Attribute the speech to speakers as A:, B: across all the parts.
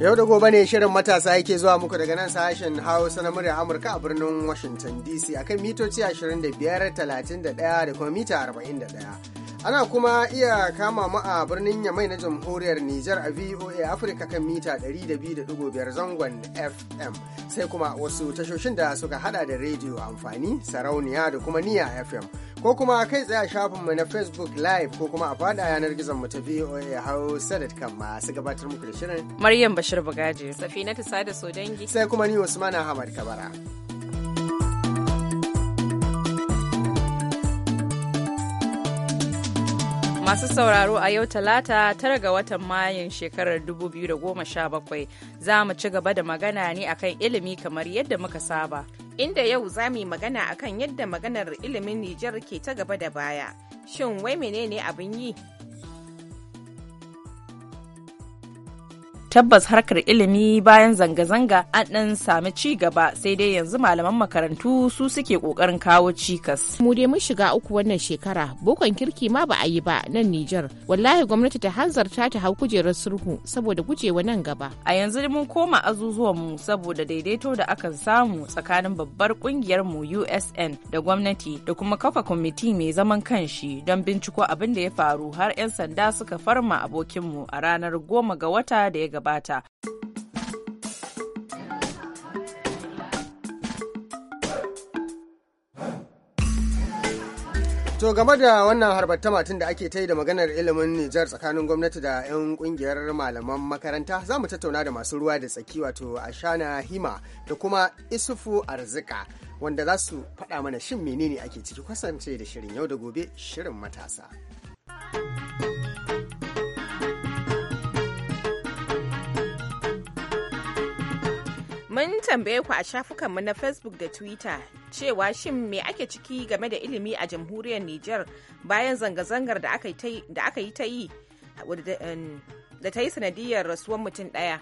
A: Yau da gobe ne shirin matasa yake zuwa muku daga nan sashen Hausa na murya Amurka a birnin Washington DC akan mitoci 25, 31 da kuma mita 41. ana kuma iya kama mu a birnin yamai na jamhuriyar Nijar a VOA Africa kan mita 200.5 zangon FM sai kuma wasu tashoshin da suka hada da rediyo amfani sarauniya da kuma niya FM ko kuma kai tsaye a shafinmu na facebook live ko kuma a fada yanar gizon mu ta voa kan masu gabatar muku da
B: shirin maryam bashir bugaji safina tusa da sodangi sai kuma ni usman ahmad kabara Masu sauraro a yau talata tara ga watan Mayun shekarar 2017 za mu ci gaba da magana ne akan ilimi kamar yadda muka saba.
C: inda yau za mu yi magana akan yadda maganar ilimin Nijar ke ta gaba da baya. Shin wai menene abin yi
B: tabbas harkar ilimi bayan zanga-zanga an ɗan sami ci gaba sai dai yanzu malaman
C: makarantu su suke kokarin kawo cikas. Mu dai mun shiga uku wannan shekara bukon kirki ma ba a yi ba nan Nijar. Wallahi gwamnati ta hanzarta ta hau kujerar sulhu saboda gujewa nan gaba.
B: A yanzu mun koma azuzuwan mu saboda daidaito da akan samu tsakanin babbar kungiyar mu USN da gwamnati da kuma kafa kwamiti mai zaman kanshi don binciko abin da ya faru har 'yan sanda suka farma abokinmu a ranar goma ga wata da ya gabata.
A: To game da wannan harbar tun da ake ta yi da maganar ilimin Nijar tsakanin gwamnati da 'yan kungiyar malaman makaranta za mu tattauna da masu ruwa da tsaki wato Ashana Hima da kuma Isufu Arzika wanda za su faɗa mana shin menene ake ciki kwasance da shirin yau da gobe shirin
C: matasa. Mun tambaye ku a shafukanmu na Facebook da Twitter cewa shin me ake ciki game da ilimi a jamhuriyar Nijar bayan zanga-zangar da aka yi ta yi da um, ta yi sanadiyar rasuwar mutum ɗaya.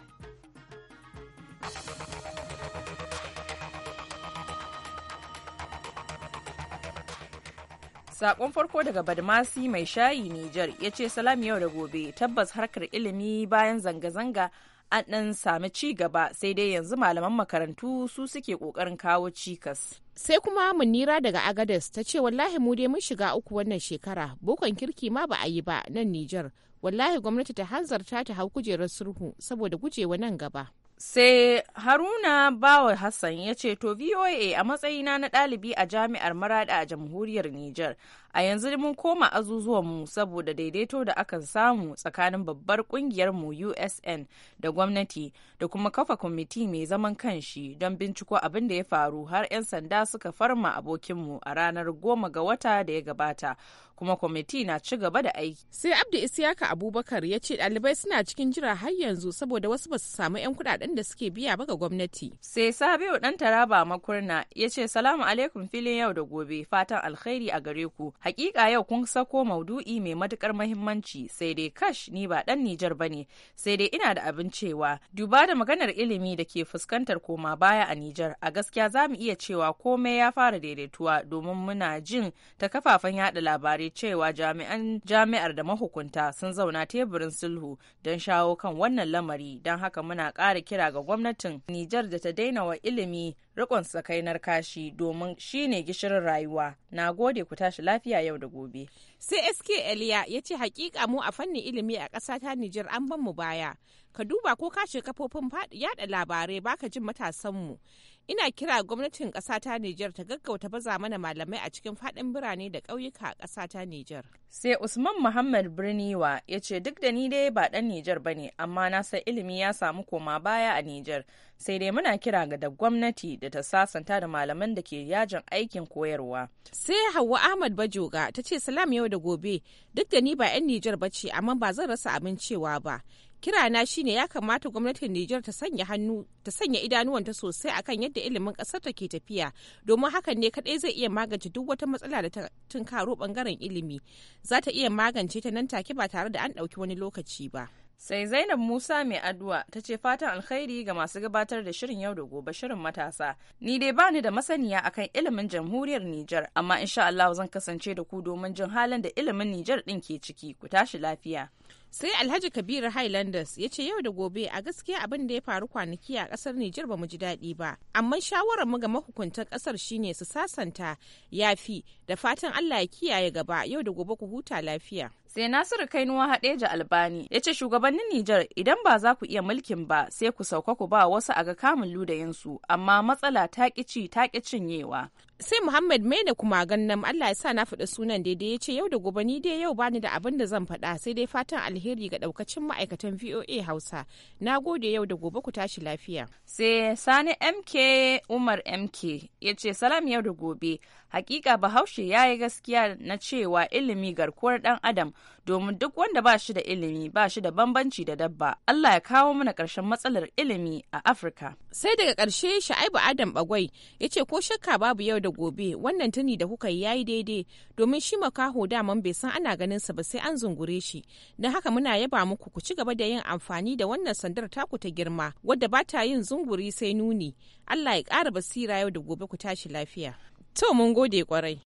B: Sakon farko daga Badmasi mai shayi Nijar ya ce salam yau da gobe tabbas harkar ilimi bayan zanga-zanga an ɗan sami ci gaba sai dai yanzu malaman makarantu su suke ƙoƙarin kawo cikas.
C: Sai kuma munira daga Agadez ta ce wallahi mu dai mun shiga uku wannan shekara bokon kirki ma ba a yi ba nan Nijar. Wallahi gwamnati ta hanzarta ta hau kujerar sulhu saboda gujewa nan gaba. Sai Haruna Bawa Hassan ya ce, To VOA
B: a matsayina na ɗalibi a jami'ar Marada a jamhuriyar Nijar, a yanzu mun koma mu saboda daidaito da akan samu tsakanin babbar mu usn da gwamnati da kuma kafa kwamiti mai zaman kanshi don binciko abin da ya faru har 'yan sanda suka farma abokinmu a ranar goma ga wata da ya gabata kuma
C: kwamiti na ci gaba da aiki. Sai Abdu Isiyaka Abubakar ya ce ɗalibai suna cikin jira har yanzu saboda wasu ba su samu 'yan kuɗaɗen da suke biya ba ga gwamnati. Sai Sabiu dan Taraba Makurna
B: ya ce salamu alaikum filin yau da gobe fatan alkhairi a gare ku Hakika yau kun sako maudu'i mai matukar mahimmanci sai dai kash ni ba dan Nijar bane sai dai ina da abin cewa duba da maganar ilimi da ke fuskantar koma baya a Nijar a gaskiya za mu iya cewa komai ya fara daidaituwa domin muna jin ta kafafen yada labarai cewa jami'an jami'ar da mahukunta sun zauna teburin sulhu don shawo kan wannan lamari don haka muna ƙara kira ga gwamnatin Nijar da ta daina wa ilimi rikon sakainar kashi domin shine gishirin rayuwa na gode ku tashi lafiya yau da gobe
C: sai sk eliya ya ce hakika mu a fannin ilimi a ƙasa ta nijar an ban mu baya ka duba ko kashe kafofin yada labarai baka jin matasan mu. ina kira gwamnatin ƙasa ta Nijar ta gaggauta baza mana malamai a cikin faɗin birane da ƙauyuka a ƙasa ta Nijar.
B: Sai Usman Muhammad Birniwa ya ce duk da ni dai ba ɗan Nijar ba ne amma na san ilimi ya samu koma baya a Nijar sai dai muna kira ga da gwamnati da ta sasanta da
C: malaman da ke yajin aikin koyarwa. Sai Hauwa Ahmad Bajoga ta ce salam yau da gobe duk da ni ba 'yan Nijar ba ce amma ba zan rasa abin cewa ba. kirana shine ya kamata gwamnatin Nijar ta sanya hannu ta sanya idanuwanta sosai akan yadda ilimin kasar ta ke tafiya domin hakan ne kadai zai iya magance duk wata matsala da ta tunkaro bangaren ilimi za ta iya magance ta nan take ba tare da an dauki wani lokaci ba sai zainab musa mai
B: addu'a ta ce fatan alkhairi ga masu gabatar da shirin yau da gobe shirin matasa ni dai bani da masaniya akan ilimin jamhuriyar nijar amma insha Allah zan kasance da ku domin jin halin da ilimin
C: nijar din ke ciki ku tashi lafiya sai alhaji kabiru highlanders ya ce yau da gobe a gaskiya abin da ya faru kwanaki a kasar nijar ba mu ji daɗi ba amma shawarar mu ga mahukuntan kasar shine su sasanta yafi da fatan allah ya kiyaye gaba yau da gobe ku huta lafiya sai nasiru kainuwa haɗeja albani ya ce shugabannin nijar idan ba za ku iya mulkin ba sai ku sauka ku ba wasu a ga kamun ludayinsu amma matsala ta ƙici ta ƙi cinyewa sai muhammad da kuma gannan allah ya sa na faɗa sunan daidai ya ce yau da gobe ni dai yau bani da abin da zan faɗa sai dai fatan alheri ga ɗaukacin ma'aikatan voa hausa na gode yau da gobe ku tashi lafiya sai sani mk umar mk
B: ya ce salam yau da gobe hakika bahaushe ya yi gaskiya na cewa ilimi garkuwar ɗan adam domin duk wanda ba shi da ilimi ba shi da bambanci da dabba Allah ya kawo
C: mana ƙarshen matsalar ilimi a Afirka. Sai daga ƙarshe Sha'ibu Adam Bagwai ya ce ko shakka babu yau da gobe wannan tuni da kuka yi yayi daidai domin shi makaho daman bai san ana ganin sa ba sai an zungure shi don haka muna yaba muku ku ci gaba da yin amfani da wannan sandar taku ta girma wadda ba ta yin zunguri sai nuni Allah ya ƙara basira yau da gobe ku tashi lafiya. To mun gode kwarai.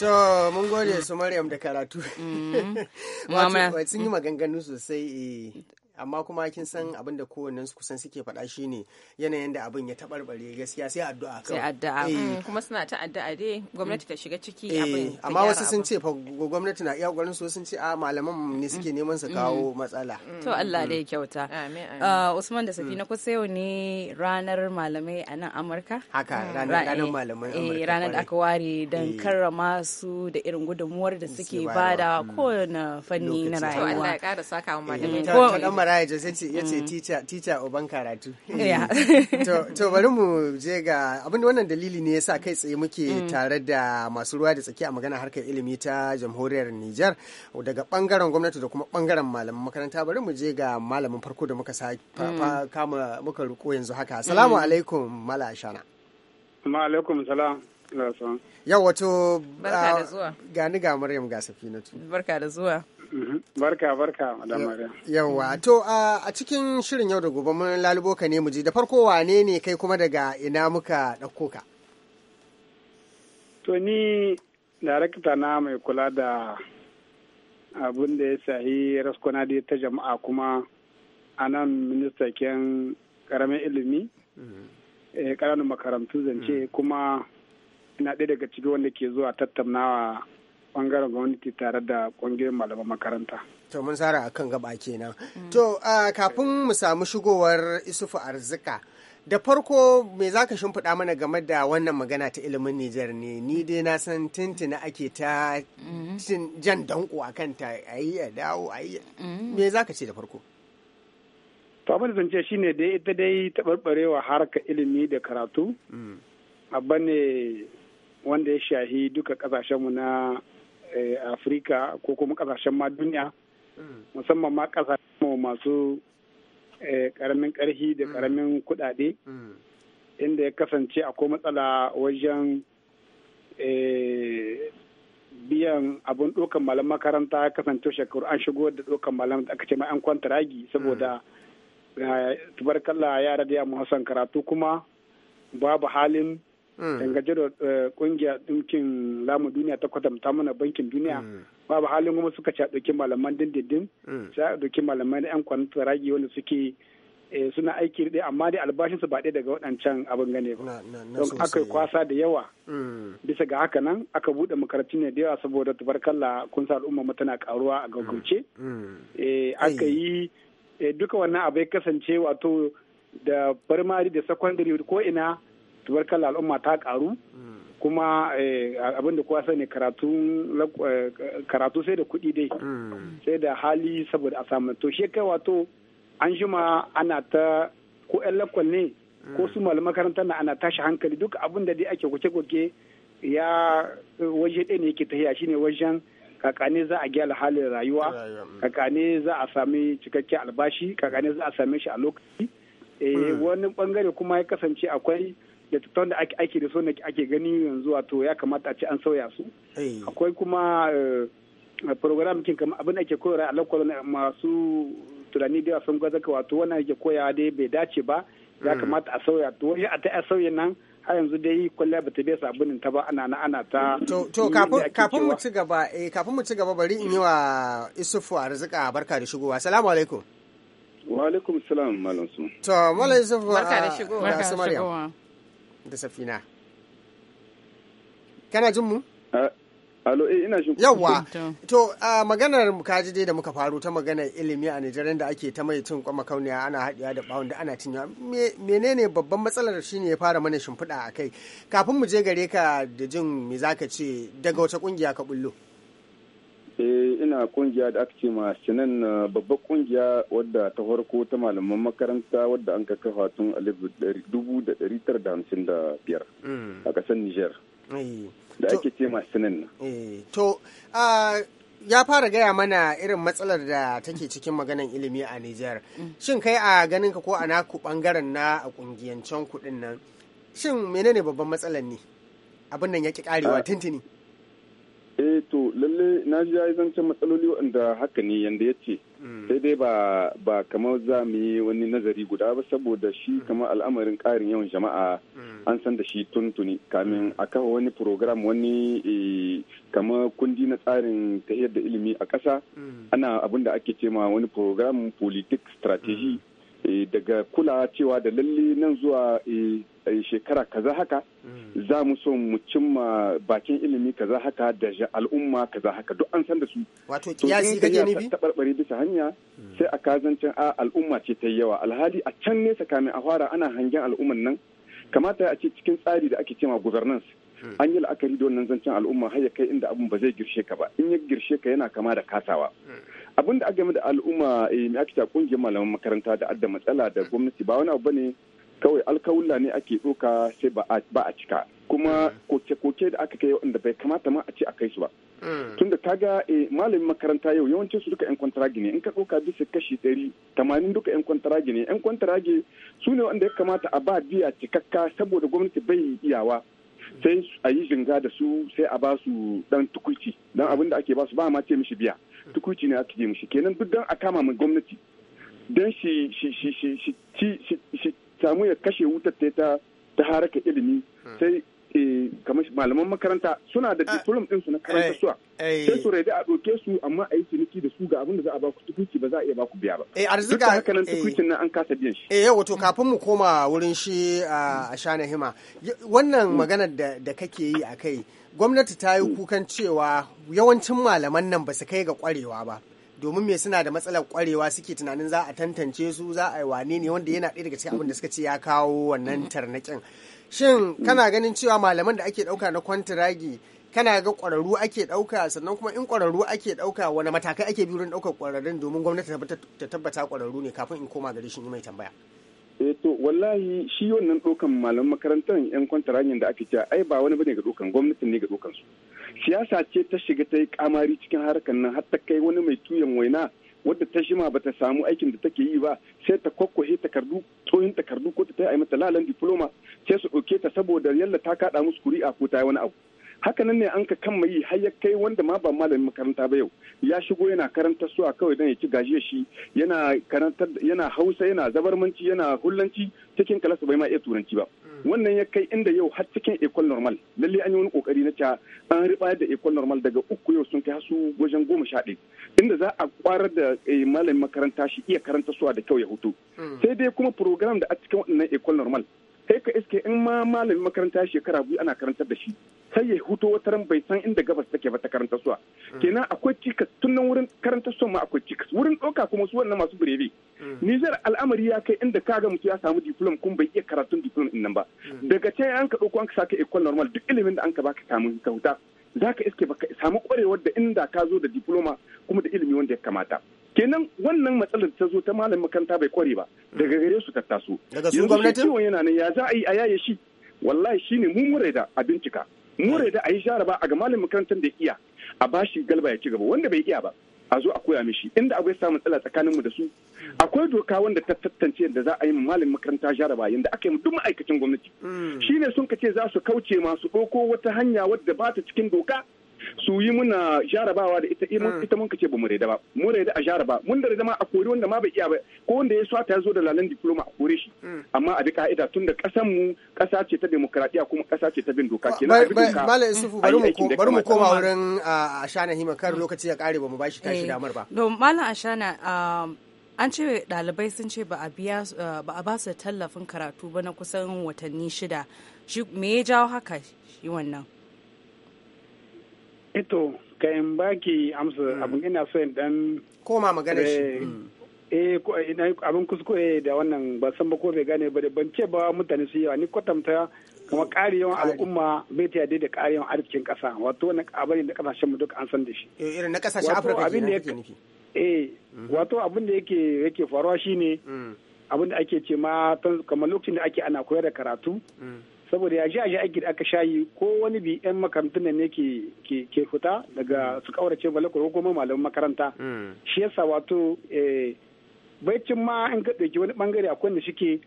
A: To, mun gode su Maryam da karatu. Mm. Wato, sun yi maganganu sosai. Eh. amma kuma kin san abin da kowannen su kusan suke faɗa shine yanayin da abin ya taɓarɓare gaskiya sai addu'a kawai sai addu'a eh. mm,
C: kuma suna ta addu'a dai gwamnati ta shiga ciki eh, abin amma wasu sun
A: ce fa gwamnati na iya ƙoƙarin su sun ce a ah, malaman ne suke mm, neman su mm. kawo matsala to Allah dai
B: kyauta ah, Usman da Safina kusa yau ne ranar malamai a nan Amurka haka ranar ranar eh, malamai Amurka ranar da aka ware dan karrama su da irin gudunmuwar da suke bada kowane fanni na rayuwa To Allah ya ƙara saka wa malamai yara ya ce ya ce tita uban
A: karatu to bari mu je ga abinda wannan dalili ne yasa kai tsaye muke mm. tare da masu ruwa da tsaki a magana harkar ilimi ta jamhuriyar Nijar daga bangaren gwamnati da kuma bangaren malamin makaranta bari mu je ga malamin farko da muka mm. kama muka ruko yanzu haka assalamu mm. alaikum mala ashana
B: alaikum salam
A: Yau wato ah, ni ga Maryam ga Safinatu.
B: Barka da zuwa. Mhm. Barka barka madam
A: Yawwa to a cikin shirin yau da gobe mun lalubo ka ne mu ji da farko wane ne kai kuma daga ina muka ɗauko ka?
D: To ni darakta na mai kula da abin da ya shahi raskonadi ta jama'a kuma a nan ministaken karamin ilimi mhm. eh, ƙananan makarantu zance mhm. kuma ina ɗaya daga cikin wanda ke zuwa tattaunawa bangaren gwamnati tare da kungiyar malaman
A: makaranta. To mun tsara akan gaba kenan. Mm. To kafin mu samu shigowar isufu arzika da farko me za ka shimfiɗa mana game da wannan magana ta ilimin Nijar ne ni dai na san tintina ake ta mm. jan danko a kanta a yi ya dawo a yi mm. me za ka ce da farko? To abin da zance shine dai ita
D: dai taɓarɓarewa harkar ilimi da karatu Abba ne wanda ya shahi duka ƙasashenmu na Eh, afirka ko kuma kasashen ma duniya mm. musamman ma kasashen masu karamin eh, karhi da karamin mm. kudade mm. inda ya kasance akwai matsala wajen eh, biyan abun ɗaukan malam makaranta ya kasance shekaru an shigo da ɗaukan malam da aka ce ma kwanta kwantaragi saboda tubarkalla yara da yamma son karatu kuma babu halin Mm. dangane da kungiyar eh, dinkin lamu duniya ta kwatanta mana bankin duniya mm. babu halin kuma suka ci a ɗauki malaman dindindin mm. sai a ɗauki malaman yan kwanta ragi wanda suke eh, suna aiki ɗaya amma dai albashinsu ba ɗaya daga waɗancan abin gane ba don aka kwasa da yawa bisa ga haka nan aka buɗe makarantu ne da yawa saboda tabarkalla kun sa al'umma mu tana karuwa a gaggauce eh, aka yi duka wannan abai kasance wato da primary da secondary ko ina tubarkar al'umma ta karu kuma eh, abin da kowa sani eh, karatu sai da kuɗi dai sai da hali saboda a samu to shi wato an jima ana ta ko 'yan lakwal ne ko su malaman makarantar na ana tashi hankali duk abin da dai ake kuke-kuke ya waje ɗaya ne yake tahiya shine wajen kakane za a gyara halin rayuwa mm. kakane za a sami cikakken albashi kakane za a same shi a lokaci eh, mm. wani bangare kuma ya kasance akwai littattafan da ake da su ake gani yanzu wato ya kamata a ce an sauya su eh. akwai kuma eh, program kin kamar abin da ke koyarwa a lokacin masu tunani da sun gaza ka wato wannan ke koyawa dai bai dace ba ya hmm. kamata a sauya to wani a ta sauya nan har yanzu dai kwalla ba ta bai abin ta ba ana ana ta to kafin mu ci
A: gaba eh kafin mu ci gaba bari in yi wa Isufu arzika barka da shigowa assalamu alaikum
D: wa alaikum salam malam su
A: to malam Isufu barka ah, barka da shigowa da safina kana jin mu Alo, eh, ina shi Yawwa, to uh, maganar kaji dai da muka faro ta maganar ilimi a Nijeriya da ake ta mai cin kwama kauniya ana haɗiya da bawon da ana yawa Menene babban matsalar shi ya fara mana shimfiɗa a kai? Kafin mu je gare ka da jin me zaka ce daga wata ƙungiya ka bullo?
D: eh ina kungiya da aka ce ma sinan eh, babbar kungiya wadda ta farko ta malaman makaranta wadda an ka kafa tun dubu da dari tara da hamsin da biyar mm. a kasar niger eh. da ake ce ma na.
A: Eh, to ya fara gaya mana irin matsalar da take cikin maganan ilimi a niger mm. shin kai a ganin ka ko a naku bangaren na a kungiyancen kudin nan shin menene babban matsalar ne abin nan yake karewa tuntuni
D: eh to lalle na ji ya zancen matsaloli waɗanda haka ne yanda ya ce mm. sai dai ba ba kamar za mu yi wani nazari guda ba saboda shi mm. kamar al'amarin ƙarin yawan jama'a mm. an san da shi tuntuni kamin a kawo wani program wani eh, kamar kundi na tsarin ta da ilimi a ƙasa ana abin da ake cema wani program politik strategy Eh, daga kula cewa da lalle nan zuwa eh, eh, shekara kaza haka mm. za mu so mu cimma bakin ilimi kaza haka da al'umma kaza haka duk an san da su
E: wato kiyasi ne bi
D: tabarbare bisa hanya mm. sai a kazancin a al'umma ce ta yawa alhali a can ne kamin a fara ana hangen al'umman nan kamata a ce cikin tsari da ake cewa governance mm. an yi la'akari da wannan zancen al'umma har ya kai inda abun ba zai girshe ka ba in ya girshe ka yana kama da kasawa abin da game da al'umma eh, me ake ta kungiyar malaman makaranta da adda matsala da gwamnati ba wani abu ne kawai alkawulla ne ake doka sai ba a cika kuma mm. koke-koke da aka kai wanda bai kamata ma a ce a kai su ba mm. tunda ga eh, malamin makaranta yau yawancin su duka yan kwantara ne in ka doka bisa kashi ɗari tamanin duka yan kwantara ne yan kwantaragi su ne wanda ya kamata a ba biya cikakka saboda gwamnati bai iyawa sai a yi jinga da su sai a ba su dan tukulci dan abin da ake ba su ba ma ce mishi biya tukuci ne aka je mushi kenan duk dan a kama mai gwamnati dan shi shi shi shi shi samu ya kashe wutar ta ta haraka ilimi hmm. sai kamar malaman makaranta suna da ah, diplom din su na karanta eh, suwa eh. sai su raidi a ɗauke su amma a yi ciniki da su
A: ga abin da za a baku tukuci ba za a iya baku
D: biya ba eh arzika duk haka nan eh. tukucin nan an kasa biyan shi
A: eh yawa to kafin mu koma wurin shi a shana hima wannan mm. maganar da kake yi a kai gwamnati ta yi mm. kukan cewa yawancin malaman nan ba su kai ga kwarewa ba domin me suna da matsalar kwarewa suke tunanin za a tantance su za a yi wane ne wanda yana ɗaya daga cikin abin da suka ce ya kawo wannan mm. tarnaƙin shin mm. kana ganin cewa malaman da ake ɗauka na kwantiragi kana ga ƙwararru ake ɗauka sannan kuma in ƙwararru ake ɗauka wani matakai ake biyu don ɗaukar ƙwararrun domin gwamnati ta tabbata ƙwararru ne kafin in koma gari shi mai tambaya.
D: eh to wallahi shi wannan ɗaukan malam makarantar yan kwantaragin da ake cewa ai ba wani bane ga ɗaukan gwamnatin ne ga ɗaukan su siyasa ce ta shiga ta yi kamari cikin harkar nan har ta kai wani mai tuyan waina wadda ta shima ba ta samu aikin da take yi ba sai ta kwakwahe takardu tsohon takardu ko ta ta yi mata lalan diploma sai su ɗauke ta saboda yalla ta kaɗa musu kuri'a ko ta yi wani abu haka nan ne an ka kan mai har ya kai wanda ma ba malamin makaranta ba yau ya shigo yana karanta su a kawai dan ya ci gaji shi yana karanta yana hausa yana zabarmanci yana hullanci cikin kalasa bai ma iya turanci ba wannan ya kai inda yau har cikin ecole normal lalle an yi wani kokari na cewa an riba da ecole normal daga uku yau sun kai su wajen goma sha ɗaya inda za a kwarar da eh, malamin makaranta shi iya karanta suwa da kyau ya hutu hmm. sai dai kuma program da a cikin wannan ecole normal sai ka iske in ma malamin makaranta shekara biyu ana karantar da shi sai ya huto wata ran bai san inda gabas take ba ta karanta suwa hmm. kenan akwai cikas tun nan wurin karanta suwa ma akwai cikas wurin ɗauka kuma su wannan masu birebe hmm. nijar al'amari ya kai inda kaga mutum ya samu diplom kuma bai iya karatun diplom in nan ba hmm. daga can an ka ɗauko an ka saka ecole normal duk ilimin da an ka baka samu ka huta za ka iske baka samu kwarewar da inda ka zo da diploma kuma da ilimi wanda ya kamata kenan wannan matsalar ta zo ta malamin makaranta bai kware ba daga gare su ta taso yanzu yana nan ya za a yi a yaye shi wallahi shine mu mure da a bincika mure da a yi jaraba a ga malamin makarantar da iya a bashi galba ya ci gaba wanda bai iya ba a zo a koya mishi inda akwai samun matsala tsakanin mu da su akwai doka wanda ta tantance da za a yi malamin makaranta jaraba yadda aka yi duk ma'aikacin gwamnati mm. shine sun ka ce za su kauce masu ɗauko wata hanya wadda ba ta cikin doka su yi muna jarabawa da ita ita mun mm. kace bamu reda ba mu reda a jaraba mun da reda ma a kori wanda ma bai iya ba ko wanda ya swata ya zo da lalan diploma a kore shi mm. amma a bi ka'ida tun da kasan mu kasa ce ta demokradiya kuma kasa ce ta bin doka kenan a bi doka malam
A: isufu bari mu bari mu koma wurin ashana hima kar lokaci ya kare bamu bashi tashi eh, damar ba
B: don malam ashana um, an ce dalibai sun ce uh, ba a ba su tallafin karatu ba na kusan watanni shida me ya jawo haka shi wannan
D: Ito, kayan baki amsa hmm. abin ina so dan. Koma magana shi. Eh, eh, eh abin kuskure da wannan ba san ba ko bai gane ba da ban ce ba mutane su yawa ni kwatanta kuma ƙariyon al'umma bai ta yadda da ƙariyon arzikin ƙasa wato wannan abin da ƙasashen mu duk an san da shi.
A: Eh, irin na ƙasashen Afirka ke nan nufi.
D: Eh, mhm. wato abin da yake yake faruwa shine hmm. abin da ake ce ma kamar lokacin da ake ana koyar da karatu. Hmm. saboda ya ji aiki da aka shayi ko wani bi yan makarantun ne ke ke fita daga su kaurace balakon ko kuma malaman makaranta hmm. shi yasa wato eh, baicin ma in ka ki wani bangare akwai da shike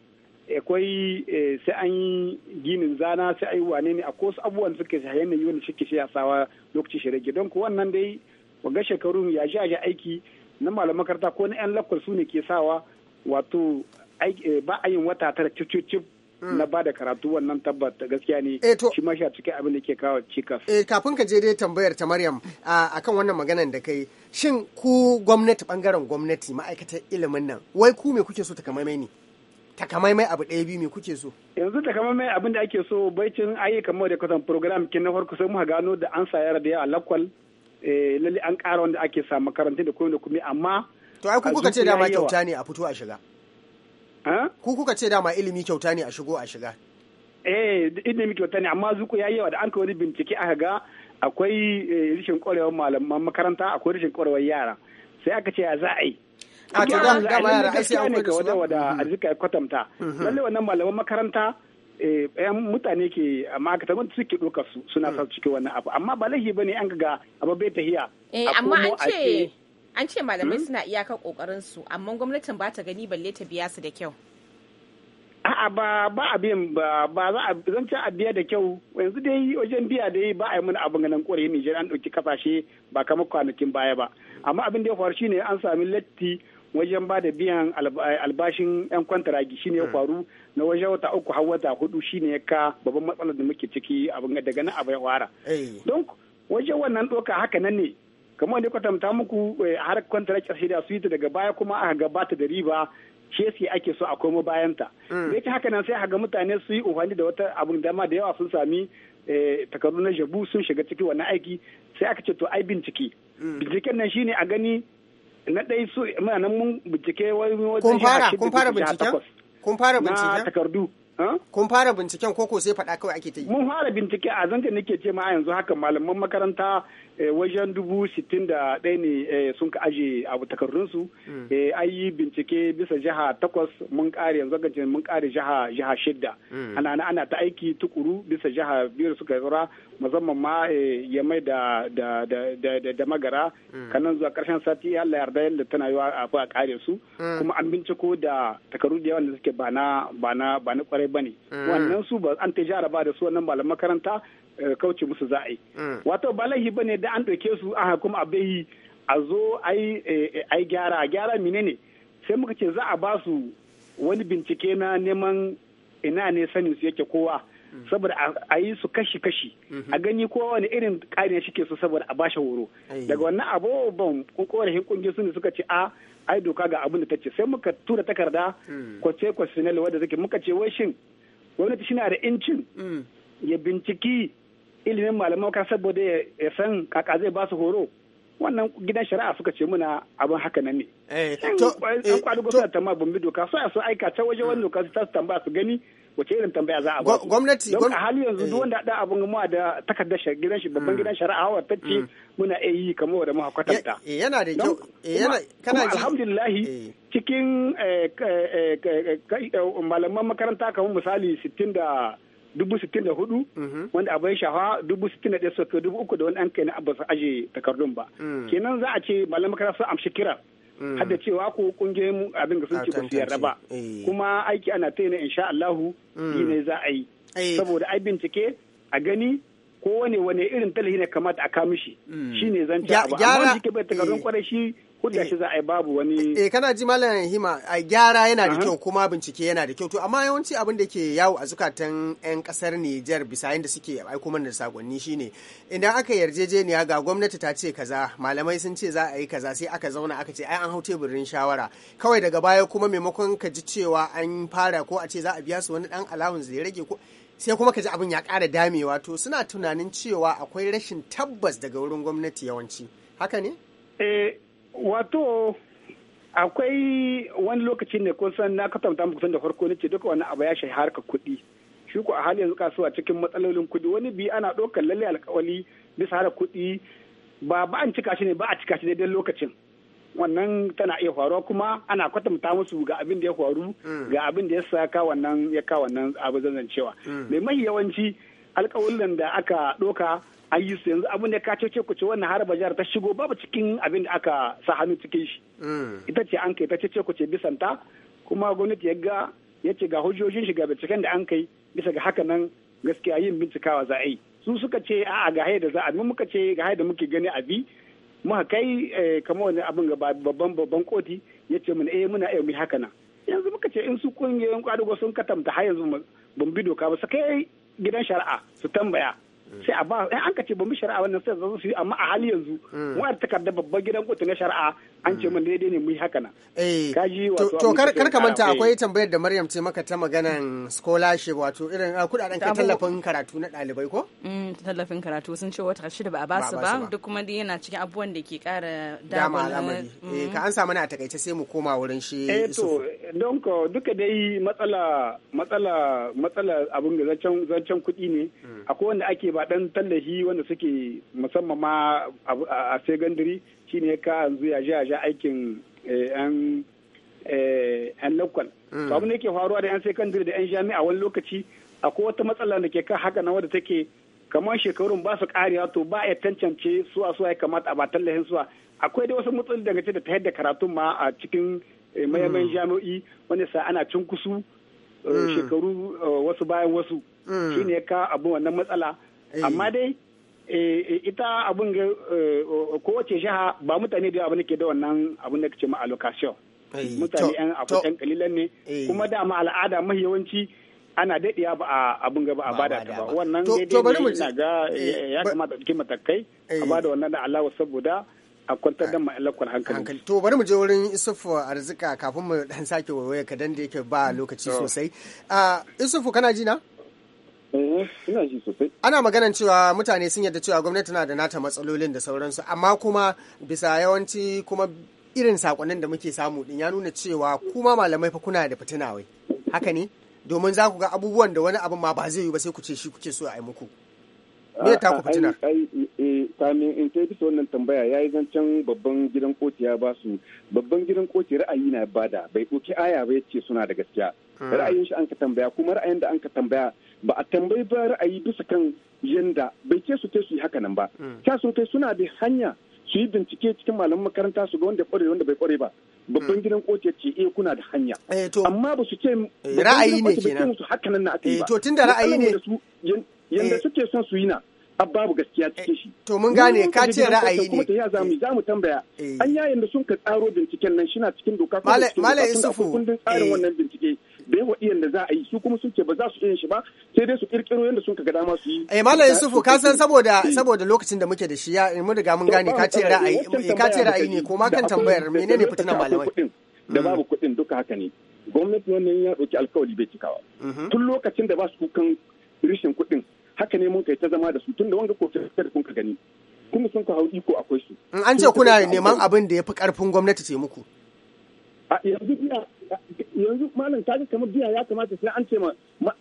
D: akwai sai an yi ginin zana sai ayi wane ne akwai wasu abubuwan suke shi yanayi wanda suke shi yasawa lokacin shirage don ko wannan dai ga shekarun ya ji aji aiki na malamin makaranta ko na 'yan lakwal su ne ke sawa wato eh, ba a yin wata tara
A: cif Mm. na ba da karatu wannan tabbata gaskiya ne eh, shi ma shi a cikin abin da ke kawo cikas E, kafin ka je dai tambayar ta Maryam a kan wannan maganan da kai shin ku gwamnati bangaren gwamnati ma'aikatar ilimin nan wai ku me kuke so takamaimai ne takamaimai abu ɗaya biyu me kuke so yanzu takamaimai abin da ake so baicin ayi kamar da kasan program kin na farko
D: sai muka gano da an sayar da yawa lakwal eh, lalle an ƙara wanda ake sa makarantun da kuma da kuma
A: amma to ai kuka ce dama kyauta ne a fito a shiga Ku kuka ce dama ilimi kyauta ne a shigo a shiga. Eh ilimi kyauta ne amma zuku yayi yawa da an wani bincike
D: aka ga akwai eh, rishin kwarewar malaman makaranta akwai rishin kwarewar yara sai aka ce ya za a yi. A to da dama yara ai sai an koyi da wada arzika mhm. ya kwatanta. Mhm. Lalle wannan malaman makaranta eh, yan mutane ke ma'aikatan wanda suke ɗaukar su suna sa cikin wannan abu amma ba lahi bane an ga ababai tahiya. Eh amma an ce
C: an ce malamai hmm? suna iyakar kokarin su amma gwamnatin ba ta gani balle ta biya su da kyau
D: a'a ba ba a ba ba za a zance a biya da kyau yanzu dai wajen biya dai ba a yi mana abin ganin kore Nijar an ɗauki kasashe ba kamar kwanakin baya ba amma abin da ya faru shine an sami latti wajen ba da biyan albashin 'yan kwantaragi shine ya hmm. faru na wajen wata uku har wata hudu shine ya ka babban matsalar da muke ciki abin daga nan abai wara eh. don wajen wannan doka haka nan ne kamar da kwatanta muku eh, har kwantar ƙarshe da su daga baya kuma aka gabata da riba shi ake so a koma bayanta mm. da yake haka nan sai haga mutane su yi umarni da wata abun dama da yawa sun sami eh, takardu na jabu sun shiga ciki wannan aiki sai aka ce to ai bincike mm. binciken nan shine a gani
A: na ɗai su muna nan mun bincike wani wajen kun fara kun fara binciken na takardu Kun fara binciken ko sai faɗa kawai ake ta yi? Mun fara bincike a zanta nake ce ma
D: yanzu haka malaman makaranta Eh, wajen dubu sittin da ɗaya ne eh, sun ka aje abu takardunsu hmm. eh, an yi bincike bisa jiha takwas mun kare yanzu ga mun kare jiha jiha shidda hmm. ana na ana ta aiki tukuru bisa jiha biyar suka zura musamman ma ya mai da da da da magara hmm. kanan zuwa karshen sati Allah yarda yadda tana yi abu a kare su kuma an binciko da takardu da yawan da suke ba na ba na ba na kwarai bane wannan su ba an ta ba da su wannan malaman makaranta Eh, kauce musu za a yi mm. wato ba laihi ba ne da an ɗauke su an kuma a bai a zo a yi eh, gyara gyara mine ne sai muka ce za a ba su wani bincike na neman ina ne sanin su yake kowa mm. saboda a yi su kashi-kashi mm-hmm. a gani kowa wani irin ƙari shi ke su saboda a bashi horo daga wannan abubuwan korafin ƙungiyar su ne suka ce a ai doka ga abin da ta ce sai muka tura takarda mm. kwace kwasinal wadda take muka ce wai shin gwamnati shi na da incin ya binciki ilimin malaman kan saboda ya san kaka zai ba su horo wannan gidan shari'a suka ce muna abin haka nan ne. An kwadugo suna tambaya bambi doka so a so aika ta waje wani doka ta su tambaya su gani wace irin tambaya za a ba. Gwamnati. Don a hali yanzu duk eh. wanda da abin gama da takardar gidan shi babban hmm. gidan shari'a hawa ta ce hmm. muna iya yi kamar wanda muka kwatanta. Eh, yana da kyau. Eh, yana kana ji. Alhamdulillah cikin malaman makaranta kamar misali sittin da dubu sittin da hudu mhm. wanda abu ya shafa dubu sittin da ɗaya suka dubu uku da wani an kai na abu su aje takardun ba mm. kenan za a ce malam makaranta sun amshi kira mm. har da cewa ko kungiyoyin abin da sun ce ba su yarda ba eh. kuma aiki ana ta yi insha Allahu yi mm. ne za a yi eh. saboda ai bincike a gani ko wane wane
A: irin talahi ne kamata a kama shi ne zan ci abu amma shi ke bai takardun kwarai eh. shi Kudda shi eh. za a yi babu wani eh kana ji malam hima a gyara yana da kyau kuma bincike yana da kyau to amma yawanci abin da ke yawo a zukatan yan kasar Nijar bisa yanda suke aiko kuma da sakonni shine idan aka yarjejeniya ga gwamnati ta ce kaza malamai sun ce za a yi kaza sai aka zauna aka ce ai an hau teburin shawara kawai daga baya kuma maimakon ka ji cewa an fara ko a ce za a biya su wani dan allowance da ya rage ko sai kuma ka ji abin ya ƙara damewa to suna tunanin cewa akwai rashin tabbas daga wurin gwamnati yawanci haka ne? Eh wato
D: akwai wani lokaci ne kun san na kwatanta muku da farko nace duka wani abu ya shahi harka kuɗi shi ko a halin yanzu kasuwa cikin matsalolin kuɗi wani bi ana ɗaukar lalle alƙawali bisa harka kuɗi ba ba an cika shi ne ba a cika shi ne dan lokacin wannan tana iya faruwa kuma ana kwatanta musu ga abin da ya faru mm. ga abin da ya saka wannan ya ka wannan abu zanzancewa mm. mai mahi yawanci alƙawalin da aka ɗoka ayyusu yanzu abin da ka ce ku ce wannan jihar ta shigo babu cikin abin da aka sa hannu cikin shi mm. ita ce an kai ta ce ku ce bisanta kuma gwamnati ya ga ya ce ga hujjojin shi ga binciken da an kai bisa ga haka nan gaskiya yin bincikawa za a yi su suka ce a'a ga da za a mu muka ce ga da muke gani a bi muka kai eh, kamar wani abin ga babban babban koti ya ce mun eh muna yau mu haka nan yanzu muka ce in su kungiyoyin kwadugo sun katamta har yanzu ban bi doka ba su kai gidan shari'a su tambaya sai a ba in an ka ce ba mu shari'a wannan sai zazu su yi amma a hali yanzu mu mm. a takarda babban gidan kotu na shari'a an ce min daidai ne mu yi haka nan eh, to kar ka manta akwai
A: tambayar da Maryam ce maka ta maganan scholarship wato irin ah, kudaden ka tallafin karatu na dalibai ko mm, tallafin karatu sun ce wata shida ba a ba su ba
B: duk kuma dai yana cikin abubuwan da ke kara dama al'amari mm. eh ka
A: an samu na a takaice sai mu koma wurin shi eh to
B: don
D: ko duka dai
B: matsala
D: matsala matsala abun da zancen zancen kuɗi ne mm. akwai wanda ake ba dan tallafi wanda suke musamman ma a secondary shi ne ka yanzu ya ja ja aikin eh, yan eh, yan lakwal mm. to abin da yake faruwa da yan secondary da yan jami'a wani lokaci akwai wata matsala da ke kan haka na wadda take kamar shekarun ba su karewa to ba ya tantance suwa suwa ya kamata a ba lahin suwa akwai da wasu matsaloli dangance da ta yadda karatun ma a cikin eh, mayaman mm. jami'o'i wani sa ana cunkusu mm. shekaru wasu bayan wasu shine ne ka abu wannan matsala amma dai Eh, ita abun ga eh, kowace jiha ba mutane da abin ke da wannan abin da kace ma allocation eh, mutane yan akwai kalilan ne kuma dama al'ada mafi yawanci ana daɗiya ba a abin ba a bada ta ba wannan daidai ne na ga ya kamata cikin matakai a bada wannan da alawa saboda a kwantar da ma'alakon hankali.
A: To bari mu je wurin Isufu arzika kafin mu dan sake waiwaye ka dan da yake ba lokaci sosai. Isufu ah, kana ji na? Eh, Ana maganan cewa mutane sun yarda cewa gwamnati na da nata matsalolin da sauransu, amma kuma bisa yawanci kuma irin sakonnin da muke samu din ya nuna cewa kuma malamai fa kuna da fitina wai. Haka ne? Domin za ku ga abubuwan da wani abin ma ba zai yi ba sai ku ce shi kuke so a yi muku. Me ta ku ah, fitina?
D: Eh, kamin in ta bisa wannan tambaya ya yi zancen babban gidan koti ya ba su babban gidan koti ra'ayi na bada bai ɗauki aya ba ya ce suna da gaskiya. Ah. Ra'ayin shi an ka tambaya kuma ra'ayin da an ka tambaya ba a tambayi ba ra'ayi bisa kan yanda bai ce su su yi haka nan ba ta mm. sun kai suna da hanya su yi bincike cikin malaman makaranta su ga wanda kware wanda bai kware ba babban mm. gidan kotu ce eh kuna da hanya eh, amma ba su ce eh, ra'ayi ne kenan su haka nan na aka yi eh, ba to tunda ra'ayi ne yanda suke son su yi na babu gaskiya cikin shi to mun gane ka ce ra'ayi ne kuma za mu za mu tambaya an yayin da sun ka tsaro binciken nan shi na cikin doka ko cikin kundin tsarin wannan bincike da yawa iyan da za a yi su
A: kuma sun ce ba za su iya shi ba sai dai su kirkiro yadda sun ka gada dama su yi eh malam yusufu ka san saboda eh. saboda lokacin da muke da shi ya mun riga mun gane ka ce ra'ayi eh, ka ce ra'ayi ne ko ma kan tambayar menene fitinan malamai
D: da mm. babu kuɗin duka haka ne gwamnati wannan ya ɗauki alkawari bai cikawa mm-hmm. tun lokacin da ba su kukan rishin kuɗin haka ne mun kai ta zama da su tun da wanga ko da
A: kun ka gani kuma sun ka hau iko akwai su an ce kuna neman abin da ya fi ƙarfin gwamnati ce muku a yanzu yanzu malam ta ga kamar biya ya kamata sai an ce
D: ma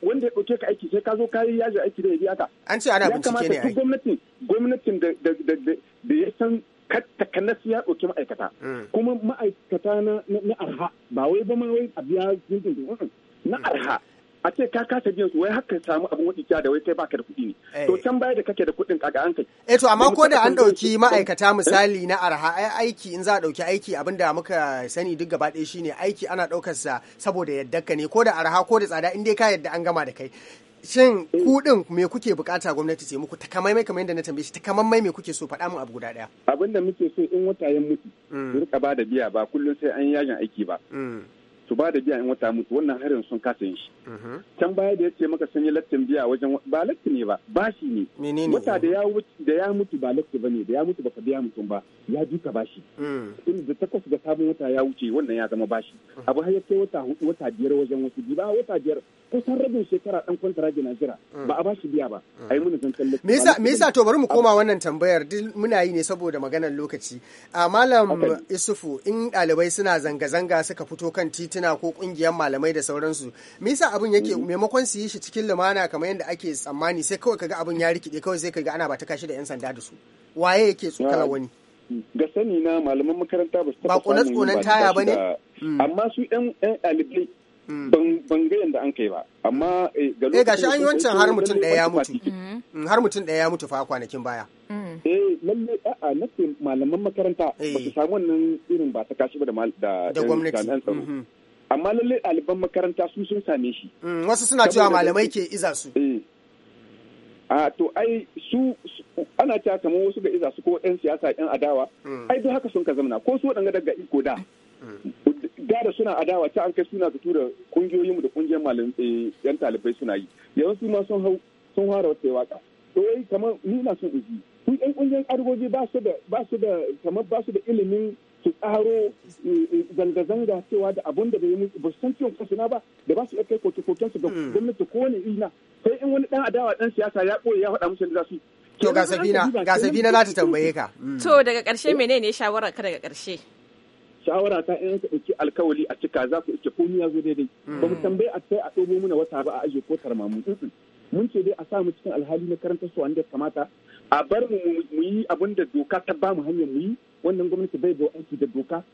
D: wanda ya ɗauke ka aiki sai ka zo kayi yaji aiki da ya biya ka an ce ana bincike ne ai gwamnatin gwamnatin da da ya san takanas ya ɗauki ma'aikata mm. kuma ma'aikata na arha ba wai ba ma wai a biya jinjin na arha a ce ka kasa biyan su wai haka samu abin wuce da wai kai baka da kuɗi ne eh. to can baya da kake da kuɗin kaga an kai
A: eh to amma ko da an ɗauki ma'aikata eh? misali na arha ai aiki in za a ɗauki aiki abin da muka sani duk gaba ɗaya shine aiki ana ɗaukarsa sa saboda yadda ka ne ko da arha ko da tsada in dai ka yadda an gama da kai shin eh. kuɗin me kuke bukata gwamnati ce muku takamaimai kamar yadda na tambaye shi mai me kuke so faɗa min abu guda ɗaya
D: abin da muke so in wata ya mutu mm. rika ba da biya ba kullum sai an yajin aiki ba mm. su ba da biya in wata mutu wannan harin sun kasa yin shi mhm. can baya da ya ce maka sun yi lattin biya wajen ba latti ne ba bashi ne wata da ya da ya mutu ba latti ne da ya mutu baka biya mutum ba ya duka bashi in mm. da takwas ga sabon wata ya wuce wannan ya zama bashi mm. abu har ya kai wata hudu biyar wajen wasu ba wata biyar
A: kusan rabin shekara dan kwantara na jira mm. ba a bashi biya ba mm. a yi muna
D: zancen lokaci me yasa to bari mu koma
A: wannan tambayar muna yi ne saboda maganar lokaci a malam Isufu in dalibai suna zanga zanga suka fito kan tituna ko kungiyar malamai da sauransu me yasa abin yake mm. maimakon su yi shi cikin lumana kamar yadda ake tsammani sai kawai kaga abin ya rikide kawai sai kaga ana ba ta kashi da yan sanda da su waye yake tsuka wani ga sani na malaman makaranta ba su taɓa samun ba taya ba ne
D: amma su yan ɗalibai ban ga yadda an kai ba amma eh, ga eh, shi an yi wancan har mutum ɗaya ya mutu
A: mm-hmm. mm, har mutum ɗaya ya mutu fa kwanakin baya mm-hmm. eh lalle a'a na ce malaman makaranta ba su eh. samu wannan irin ba ta kashi
D: ba da gwamnati mm-hmm. amma lalle ɗaliban makaranta su sun same shi mm, wasu suna cewa malamai ke iza su a to ai su ana ta kamar wasu ga iza su ko ɗan siyasa ɗan adawa mm. ai duk haka sun ka zamana ko su waɗanda daga iko da da suna adawa ta an kai suna su tura kungiyoyinmu da kungiyar malam eh, yan talibai suna yi yanzu su ma sun hau sun fara wata waka to yayi kamar ni na son in su yan kungiyar argoji ba su da ba su da kamar ba su da ilimin su tsaro eh, eh, zanga-zanga cewa da abun da bai musu ba su san ciwon kansu na ba da ba su iya kai koke-koken su ga hmm. gwamnati ko wani ina sai in wani dan adawa dan siyasa ya koya ya faɗa musu da za su to ga sabina ga sabina za ta
A: tambaye ka hmm.
C: to daga ƙarshe menene shawarar ka daga ƙarshe
D: shawara ta in ka ɗauki alkawali a cika za ku ike komi ya zo daidai hmm. ba mu tambaye a sai a ɗobo muna wata ba a aje ko mu. mun ce dai a sa mu cikin alhali na karanta su wanda kamata a bar mu yi abin da doka ta ba mu hanyar mu yi wannan gwamnati bai da aiki da doka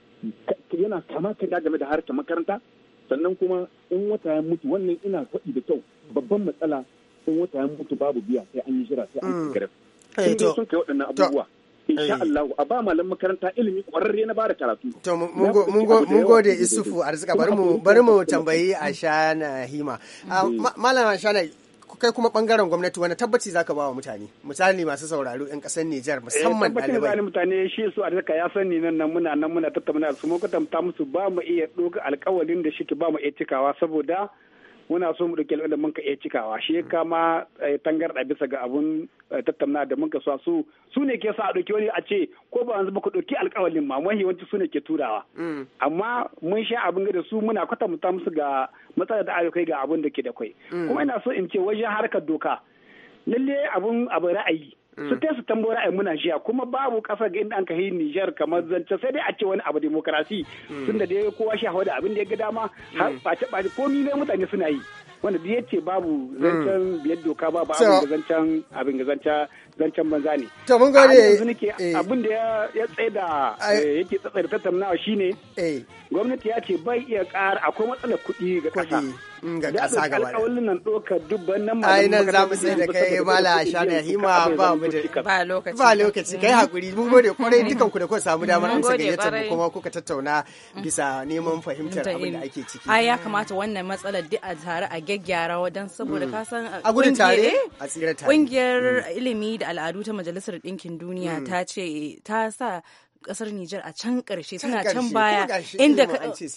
D: yana kama da game da harkar makaranta sannan kuma in wata ya mutu wannan ina faɗi da kyau babban matsala in wata ya mutu babu biya sai an yi jira sai an ci hmm. garaf. Eh, sun kai waɗannan abubuwa. insha eh. Allah a ba malam makaranta ilimi kwararre na bada karatu to mun gode isufu arzika bari mu bari mu tambayi
A: ashana hima ah, mm. malam ashana kai kuma bangaren gwamnati wani tabbaci zaka ba wa mutane misali masu sauraro yan kasar Nijar eh, musamman ɗalibai tabbacin
D: mutane shi su arzika ya sani nan nan muna nan muna tattauna su mu kwatanta musu ba mu iya doka alƙawarin da shi ba mu iya cikawa saboda muna so mu ɗauki alƙalin da muka iya cikawa shi ya kama eh, tangarɗa bisa ga abun eh, tattauna da muka so su su ne ke sa a ɗauki wani a ce ko ba yanzu ba ku ɗauki alƙawalin ma hiwanci su ne ke turawa mm. amma mun sha abin da su muna kwata muta musu ga matsalar da aka kai ga abun da ke da kai mm. kuma ina so in ce wajen harkar doka lalle abun abu ra'ayi su mm. ta su tambo ra'ayin muna jiya kuma babu kasar inda an kai Niger kamar zance sai dai a ce wani abu demokrasi mm. tunda dai kowa sha da abin da ya ga dama mm. har bace ko ni ne mutane suna yi wanda da yace babu zancen biyar doka ba ba abin da zancen abin da zancen zancen banza ne to mun ne yanzu nake eh. abin da ya tsaye da eh, yake tsatsar tattaunawa shine eh. gwamnati ya ce bai iya ƙara akwai matsalar kuɗi ga ƙasa ga ƙasa Alƙawalin nan dubban nan za mu sai da kai mala hima ba mu da
A: lokaci. Ba lokaci kai mm. gode kwarai dukan ku da kuka samu mm. damar amsa gayyatar mu kuma kuka tattauna mm. bisa neman fahimtar abin da ake ciki. Ai
B: ya kamata wannan matsalar duk a tare a gyaggyara wajen saboda ka san uh, a gudun tare eh, a tsira tare. Ƙungiyar ilimi da al'adu ta Majalisar Ɗinkin Duniya ta ce ta sa kasar Nijar a can karshe suna can baya inda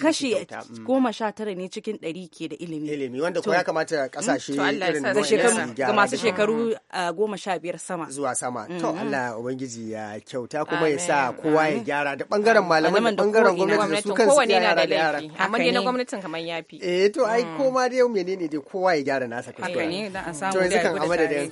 B: kashi mm. goma sha tara ne cikin ɗari ke da ilimi. Ilimi wanda ko ya kamata kasashe mm, irin ga masu shekaru ah, goma sha biyar sama. Zuwa sama. To
A: mm-hmm. Allah Ubangiji ya kyauta kuma ya sa kowa ya gyara da bangaren malaman da bangaren gwamnati da su kansu yara da yara. Amma dai na gwamnatin
C: kamar ya fi. Eh to ai mm. koma
A: dai menene dai kowa ya gyara nasa kuskure. Haka ne da a samu da ya gudu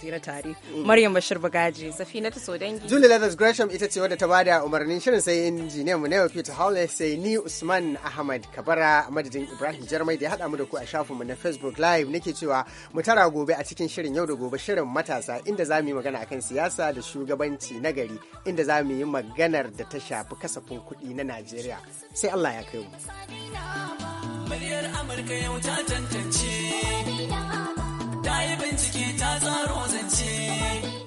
C: tsira tare maryam
B: bashir bagaji
C: safina ta sodangi julie
A: lathers gresham ita ce wadda ta bada umarnin shirin sai injiniyan mu ne wa peter howley sai ni usman ahmad kabara a madadin ibrahim jarmai da ya haɗa mu da ku a shafinmu na facebook live nake cewa mu tara gobe a cikin shirin yau da gobe shirin matasa inda za mu yi magana akan siyasa da shugabanci na gari inda za mu yi maganar da ta shafi kasafin kuɗi na najeriya sai allah ya kai mu
D: muryar amurka yau ta tantance ciki ta tsaro zance